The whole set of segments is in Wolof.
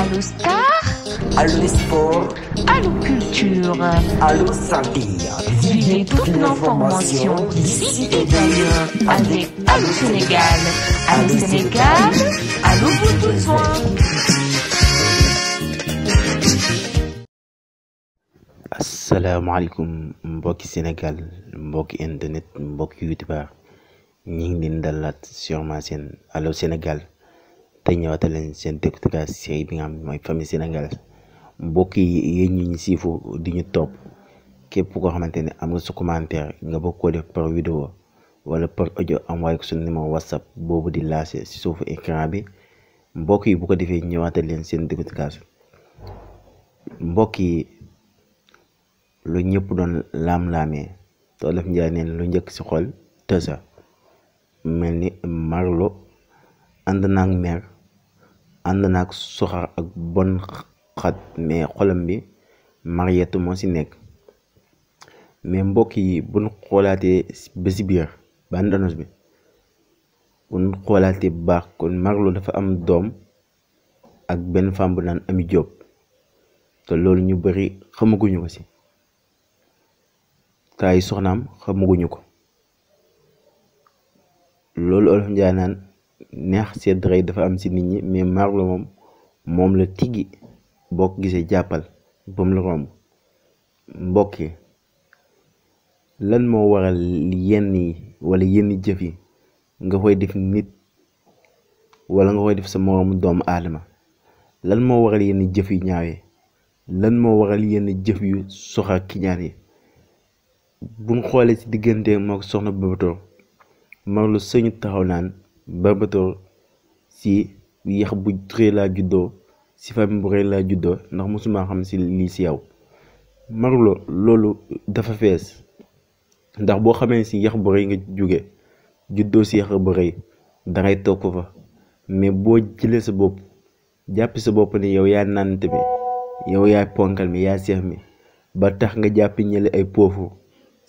Allô Star Allô Sport Allô Culture Allô Santé Suivez Sénégal Allô Sénégal Allô vos besoins asalaamaaleykum mbokki Sénégal mbokki internet mbokki youtubeur ñu ngi leen dalaat sur ma Sénégal te ñëwaata leen seen décortiquage série bi nga xam ne mooy famille sénégalaise mbokk yi yéen ñi ñu siifu di ñu topp képp koo xamante ne am nga sa commentaire nga bëgg koo def par vidéo wala par audio envoyé ko suñu numéro whatsapp boobu di laase si suufu écran bi mbokk yi bu ko defee ñëwaata leen seen décortiquage mbokk yi lu ñëpp doon laam-laamee te Olof Njaay neen lu njëkk si xol tësa mel ni marlo ànd naag mer ànd naak soxar ak bon xat mais xolam bi mariet moo ci nekk mais mbokk yi buñ xoolaatee ba ci biir bande annonce bi bu xoolaatee bu baax kon Marlo dafa am doom ak benn femme bu naan Ami Diop te loolu ñu bari xamaguñu ko ci kaay soxnaam xamaguñu ko loolu olof njaay naan neex sedd rey dafa am si nit ñi mais Marlo moom moom la tiggi boo ko gisee jàppal ba mu la romb mbokk yi lan moo waral yenn yi wala yenn jëf yi nga koy def nit walla nga koy def sa moroomu doomu aadama lan moo waral yenn jëf yu ñaaw lan moo waral yenn jëf yu soxor kiñaan yi buñ xoolee ci diggante moo soxna Babator Marlo sëñu taxaw naan Barbator si yax bu rëy laa juddoo si famille bu rëy laa juddoo ndax mosuma xam si lii si yow Marlo loolu dafa fees ndax boo xamee si yax bu rëy nga jóge juddoo si yax bu rëy dangay toog fa mais boo jëlee sa bopp jàpp sa bopp ne yow yaa nànt bi yow yaa ponkal mi yaa seex mi ba tax nga jàpp ñële ay poofu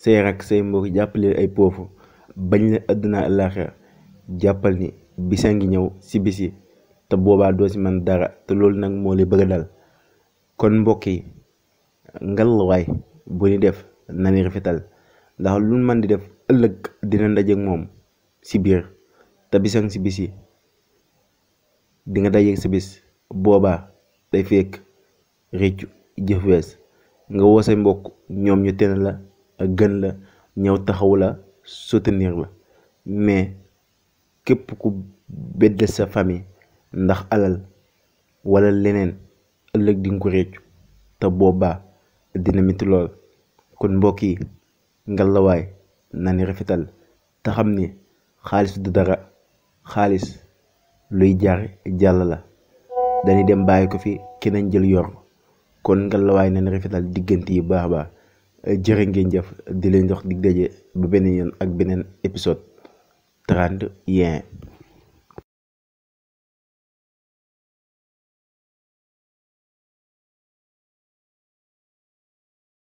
say rak say mbokk jàpp ay poofu bañ leen àdduna àllaaxira jàppal ni bisa ngi ñëw sibbis yi te boobaa doo si man dara te loolu nag moo li bëgg a dal kon mbokk yi ngallwaay bu ñu def nani rafetal ndax lu man di def ëllëg dina ndajeek moom si te bisan si yi di nga dajeeg sa boobaa day fekk réccu jëf wees nga woo say mbokk ñoom ñu ten la gën la ñëw taxawu la soutenir la mais képp ku bedd sa famille ndax alal wala leneen ëllëg di nga ko réccu te boobaa dina métti lool kon mbokk yi ngalawaay na ni rafetal te xam ni xaalis du dara xaalis luy jaar jàll la dañuy dem bàyyi ko fi keneen jël yor kon ngalawaay na ni rafetal diggante yi baax a baax jërë jëf di leen jox dig daje ba beneen yoon ak beneen épisode. trente et